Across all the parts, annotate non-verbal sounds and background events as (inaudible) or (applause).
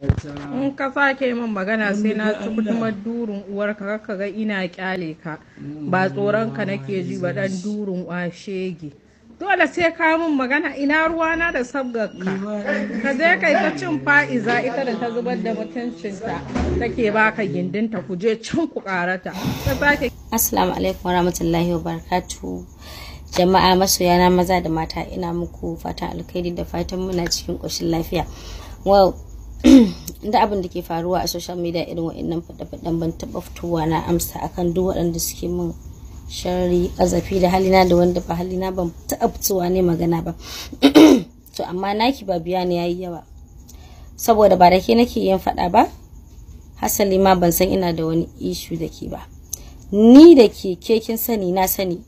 in ka sake min magana sai na ci kuma durin uwarka ka ga ina kyale ka ba tsoron ka nake ji ba dan durin shege dole sai ka min magana ina ruwa na da sabgarka ka je kai ta cin fa'iza ita da ta zubar da mutuncinta take baka gindinta ku je cin ku karata ta sake assalamu alaikum jama'a masoyana maza da mata ina muku fatan alkhairi da fatan muna cikin koshin lafiya well (clears throat) da abin da ke faruwa a social media irin wa'annan faɗa-faɗan ban taɓa fitowa na amsa akan duk waɗanda suke min sharri azafi da halina da wanda ba halina ban taɓa fitowa ne magana ba (clears throat) to amma naki ba biya ne yayi yawa saboda ba da ke nake yin faɗa ba hasali ma ban san ina da wani ishu da ke ba ni da ke kekin sani na sani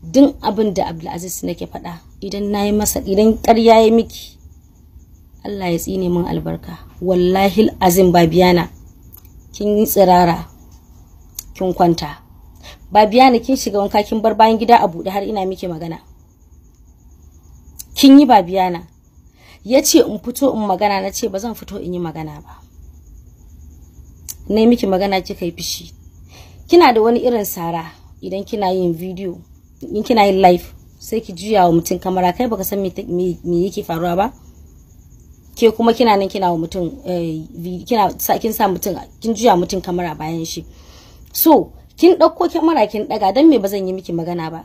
duk abin da abdulaziz nake faɗa idan na yi masa idan ƙarya ya miki Allah ya tsine min albarka wallahi azim babiyana kin yi tsirara kin kwanta babiyana kin shiga wanka kin bar bayan gida a buɗe har ina miki magana kin yi babiyana ya ce in fito in magana na ce ba zan fito in yi magana ba na miki magana kika yi fishi kina da wani irin sara idan kina yin video in kina yin live sai ki juya wa mutum kamara kai baka san me yake faruwa ba ke kuma kina nan kina wa mutum eh, kina kin sa mutum kin juya mutum kamera bayan shi so kin ɗauko kyamara kin ɗaga dan me ba yi miki magana ba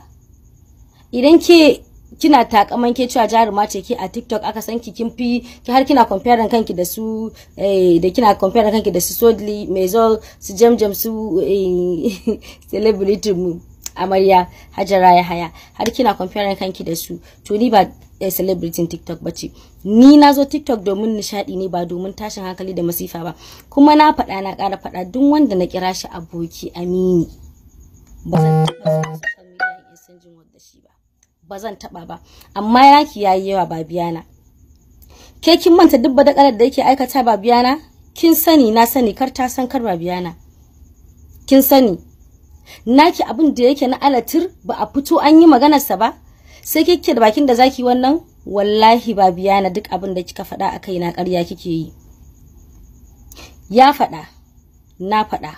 idan ke kina takaman ke cewa jaruma ce ke a TikTok aka san ki kin fi ki har kina comparing kanki da su eh da kina comparing kanki da su Sodli Mezol su Jamjam su eh, (laughs) celebrity mu amarya hajara ya haya har kina comparing kanki da su to ni ba a eh, celebrity tiktok bace ni na zo tiktok domin nishadi ne ba domin tashin hankali da masifa ba kuma na faɗa na ƙara faɗa duk wanda na kira shi aboki amini ba zan taɓa ba amma yaki yayi yawa ba ke kin manta duk ƙarar da yake aikata ba kin sani na sani kar ta san kar ba kin sani naki abin da yake na alatir ba a fito an yi maganarsa ba sai kike da bakin da zaki wannan wallahi ba biya duk abin da kika faɗa a na ƙarya kike yi ya faɗa na faɗa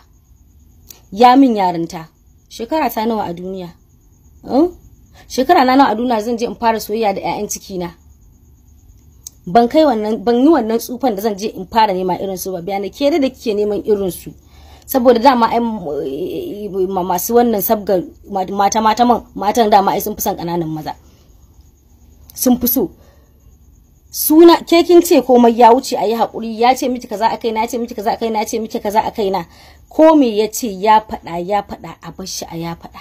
ya min yarinta shekara ta nawa a duniya hmm? shekara na nawa a duniya zan je in fara soyayya da 'ya'yan na? ban kai wannan ban yi wannan tsufan da zan je in fara nema irin su ba biyana ke da kike neman irin su saboda dama ai masu wannan sabgar mata mata man matan dama ai sun fi son kananan maza sun fi so suna ke kin ce komai ya wuce ayi hakuri ya ce miki kaza kaina na ce miki kaza kaina na ce miki kaza a na ko me ya ce ya faɗa ya faɗa a bar shi a ya faɗa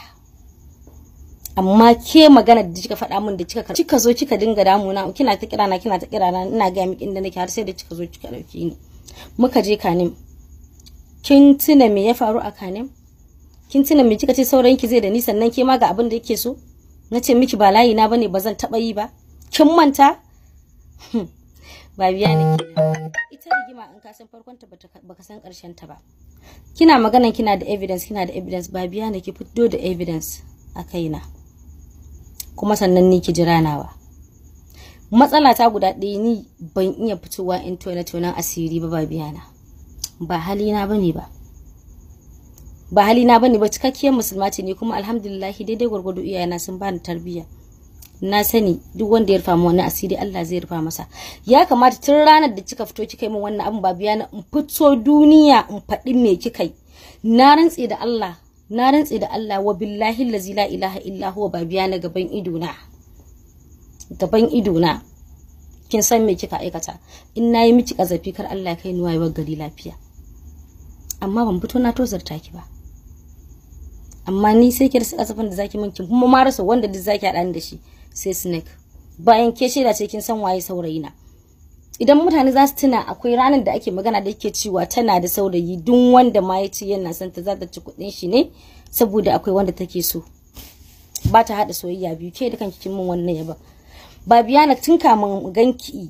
amma ke magana da kika faɗa min da kika karɓi kika zo kika dinga damuna kina ta kirana kina ta kirana ina ga miki inda nake har sai da kika zo kika dauke ni muka je kanin kin tuna me ya faru a kanin kin tuna me kika ce sauran ki zai da ni sannan ke ma ga abin da yake so na ce miki ba layi na bane ba zan taba yi ba kin manta hmm. ba ne ita rigima in ka san farkon ta baka san karshen ta ba kina magana kina da evidence kina da evidence ba ne ki fito da evidence a kaina kuma sannan ni ki jira nawa matsala ta guda ɗaya ni ban iya fitowa in toilet wannan asiri ba ba na ba halina bane ba ba halina bane ba cikakkiyar musulma ce ne kuma alhamdulillahi daidai gwargwado iyayena sun bani tarbiyya na sani duk wanda ya rufa mu wani asiri Allah zai rufa masa ya kamata tun ranar da kika fito kika yi min wannan abin ba biya na in fito duniya in faɗi me kika yi na rantse da Allah na rantse da Allah wa billahi allazi la ilaha illa huwa ba biya na gaban ido na gaban ido na kin san me kika aikata in nayi miki kazafi kar Allah kai ni wayewar gari lafiya amma ban fito na tozarta ki ba amma ni sai ki rasa kasafin da zaki mun kuma ma rasa wanda duk zaki ni da shi sai snake bayan ke shaida ce kin san waye saurayi na. idan mutane za su tuna akwai ranar da ake magana da yake cewa tana da saurayi duk wanda ma ya yana son ta za ta ci kuɗin shi ne saboda akwai wanda take so ba ta haɗa soyayya biyu ke da kanki kin min wannan yaba ba biyana tun kamun ganki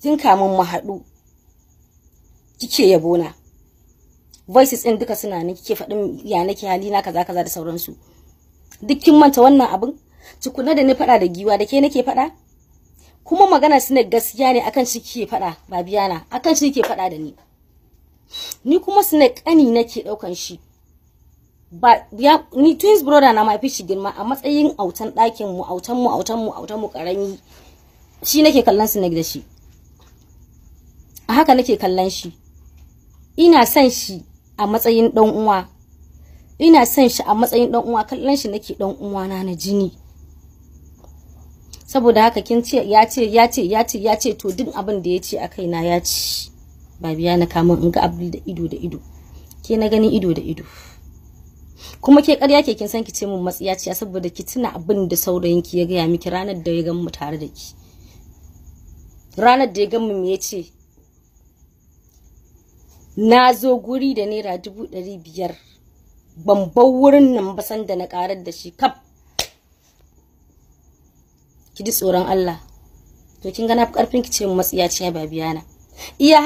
tun kamun mu haɗu kike yabona voices din duka suna ne kike faɗin ya nake hali na kaza kaza da sauransu duk kin manta wannan abin tukuna da ni faɗa da giwa da ke nake faɗa kuma magana suna gaskiya ne akan shi kike faɗa ba akan shi kike faɗa da ni ni kuma suna ƙani nake ɗaukan shi ba ya ni twins brother na mafi shi girma a matsayin autan ɗakin mu autan mu autan mu autan mu karami shi nake kallon su da shi a haka nake kallon shi ina son shi a matsayin dan uwa ina son shi a matsayin dan uwa kallon shi nake dan uwa na na jini saboda haka kin ce ya ce ya ce ya ce ya ce to duk abin da ya ce a kaina ya ci biya na kamun in ga abdul da ido da ido ke na gani ido da ido kuma ke ƙarya ke kin san ki ce mun matsiyaciya saboda ki tuna abin da saurayin ki ya gaya miki ranar da ya gan mu tare da ki ranar da ya gan mu me ya ce na zo guri da naira dubu ɗari biyar ban bar wurin nan ba san da na ƙarar da shi kaf ki ji tsoron Allah to kin ga na fi ƙarfin ki ce matsiya ce ba biya na iya